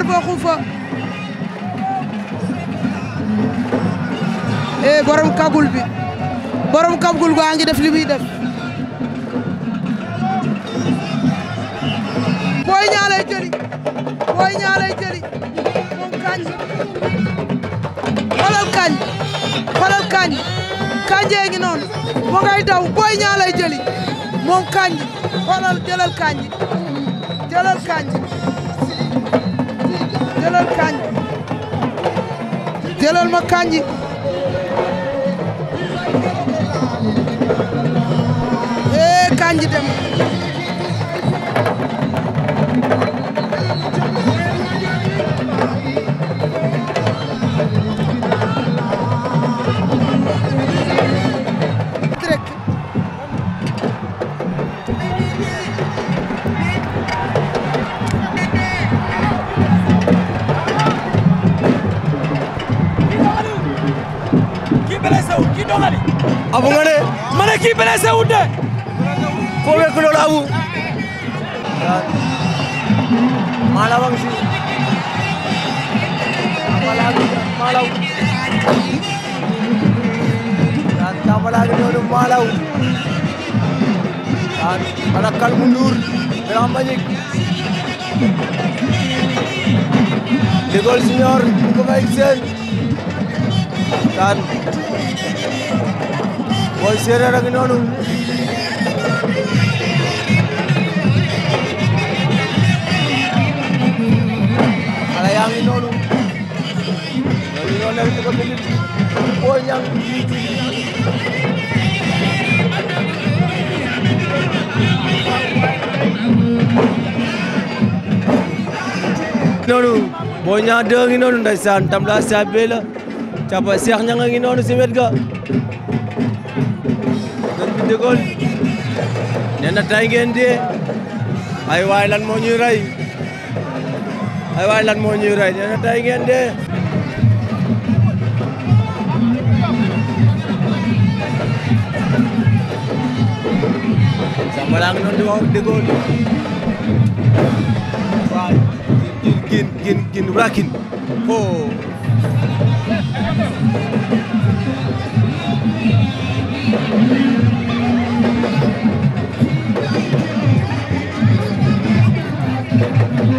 Xarfo eh, borom kagul bi borom kagul gaa ngi def li muy Boy Niang lay Boy Niang lay jëli moom kañ xoolal kañ xoolal kañ kanjee ngi noonu mo ngay daw Boy Niang lay moom kañ xoolal jëlal kañ jëlal kañ ma kañ jëlal ma kañ ee eh, kañ dem Abou nga ne ma ne kii blessé wut de foo wekk loolu Abou maa la wax si malaw daan tamalaagi noonu malaw daan ana kalmu nuur grand magique ligol senior ko may seen daan Boy Séeréer a ngi noonu xale yaa ngi noonu noonu la ñu ko bëgg Boy Niang tam la sabe la capa Cheikh Niang ngi noonu si ga jógoon nee na tey ngeen dee ay waay lan moo ñuy rey ay waay lan moo ñuy rey nee na tey ngeen dee Sambala a ngi doon di wax déggoon waay gin gin gin rakin oh Thank you.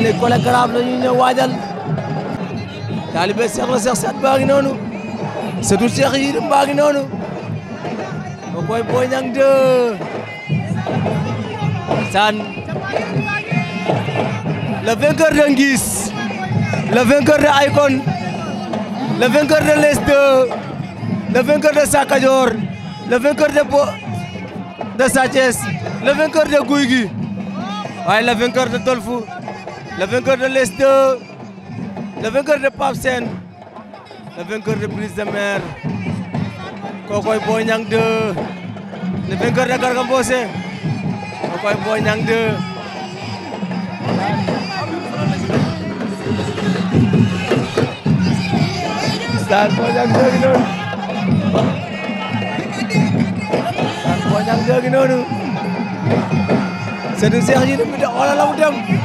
mel ne Collé Garaaf la ñuy waajal taalibe Seex la Seex Seet baa ngi noonu setu Seex Yérim baa ngi noonu ba koy Boy Niang 2 saan le vainqueur Aykon le vainqueur de l'Est le vainqueur de Sakadior le vainqueur de Bo de Sathiès le vainqueur de Gouy Gui waaye le vainqueur de le vainqueur de l'Est 2 le vainqueur de Pape Sène le vainqueur de Brise de Mer kokoy Boy Niang 2 le vainqueur de Garga Mbossé kokoy Boy Niang 2 Star Boy Niang 2 gi noonu Star Boy Niang 2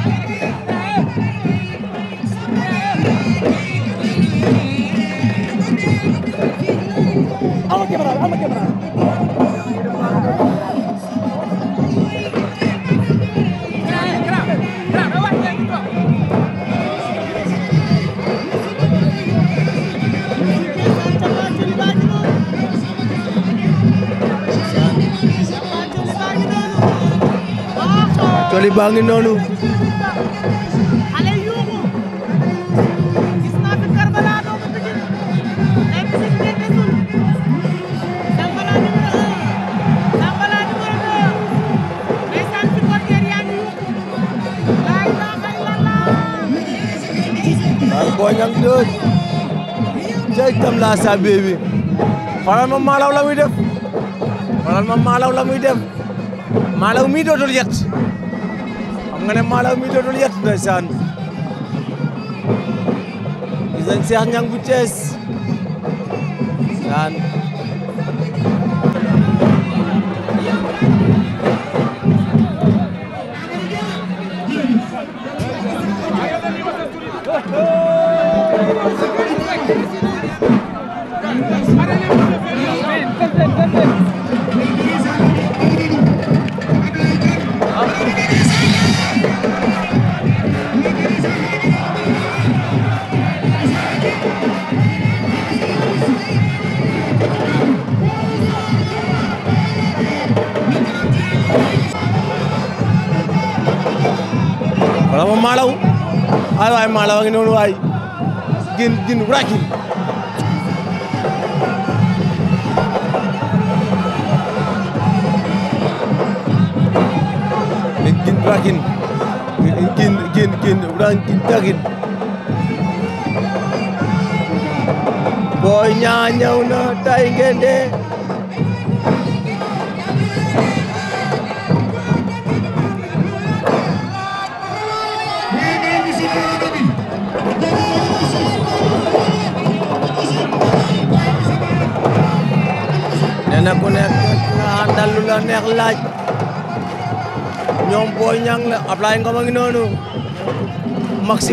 ama caméra ama caméra Coly baa ngi noonu waaye Boy Niang 2 cey tam laa sa bébi ma maalaw la muy ma maalaw la muy def maalaw mi dootul yet xam nga ne maalaw mi dootul yet ndeysaan bu Thiès ndeysaan maa la wax noonu waay gën gën rakin gin rakin gin gin gin rakin rakin booy ñaa na tay ngeen dee kenn ku nekk nga àndal lu la neex laaj ñoom Boy Niang la Ablaye Ngom a ngi noonu Maxi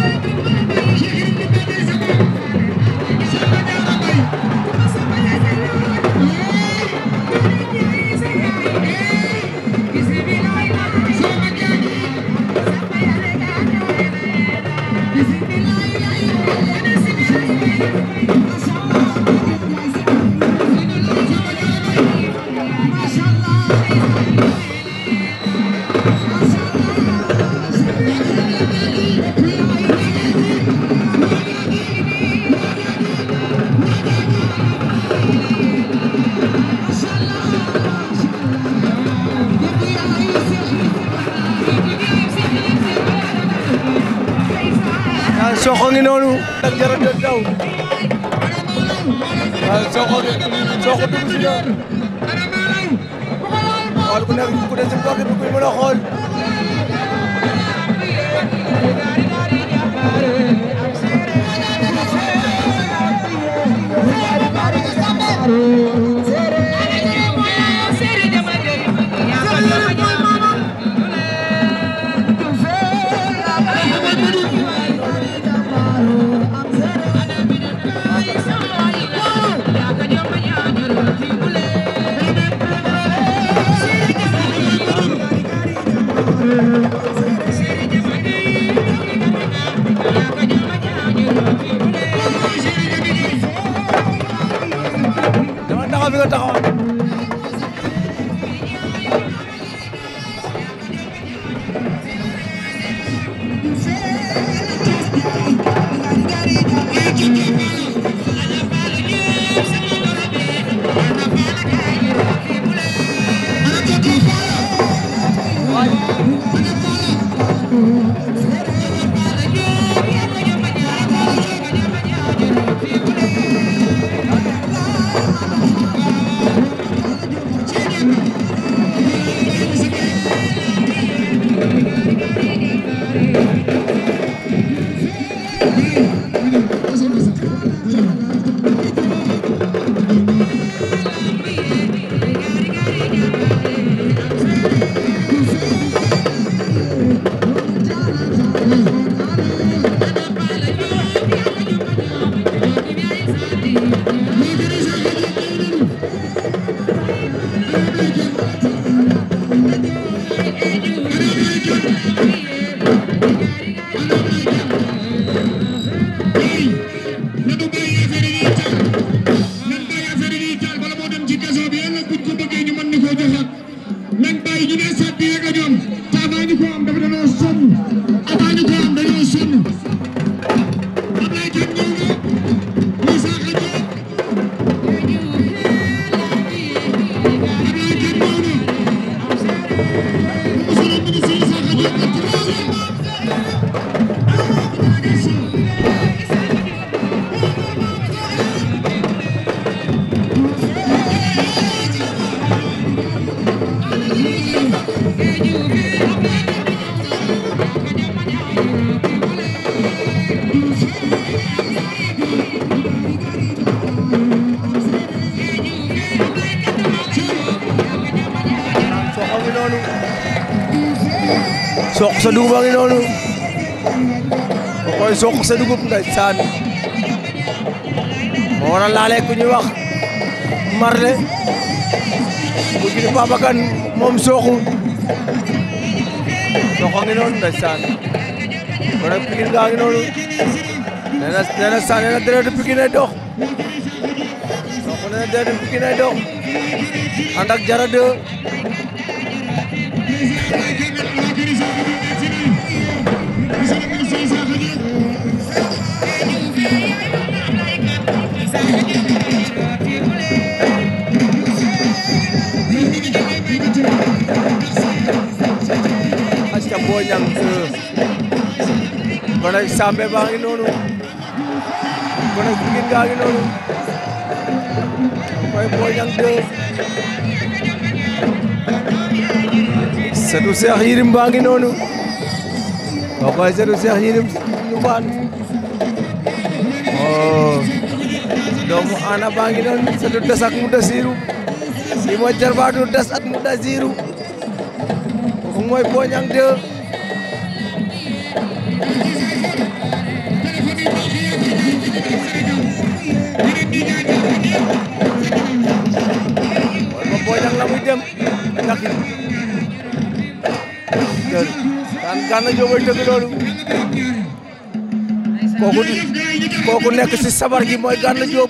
Sokh ngi noonu. jërëjëf daw waaye Sokh Sokh dugg si na xool ku nekk ku ne si bopp bi mën a xool. Thank you. dafa dañoo sonn avant ñu soq sa dugub a ngi noonu koy soq sa dugub ndeysaan moo waral laale ku ñuy wax Marley bu jiri Babakan moom soxu soq a ngi noonu ndeysaan kon nag Pikine gaa ngi nee na nee na sa na deretu Pikine nay dox Sokh nee na deretu Pikine nay dox ànd ak Diarra 2 Boy Niang 2 baa ngi noonu gone gu jigéen gaa ngi noonu mooy Boy Niang 2 setu Cheikh Yérim baa ngi noonu moo koy setu Cheikh Yérim ñu baan oo oh. doomu ana baa ngi noonu setu des mu dasiiru li mooy jarbaatu des ak mu dasiiru kooku mooy Boy Niang 2 moom booy ñaŋ la muy dem ndax it dër daan gànna jóobay dëgg loolu kooku di kooku nekk si sabar ji mooy gànna jóob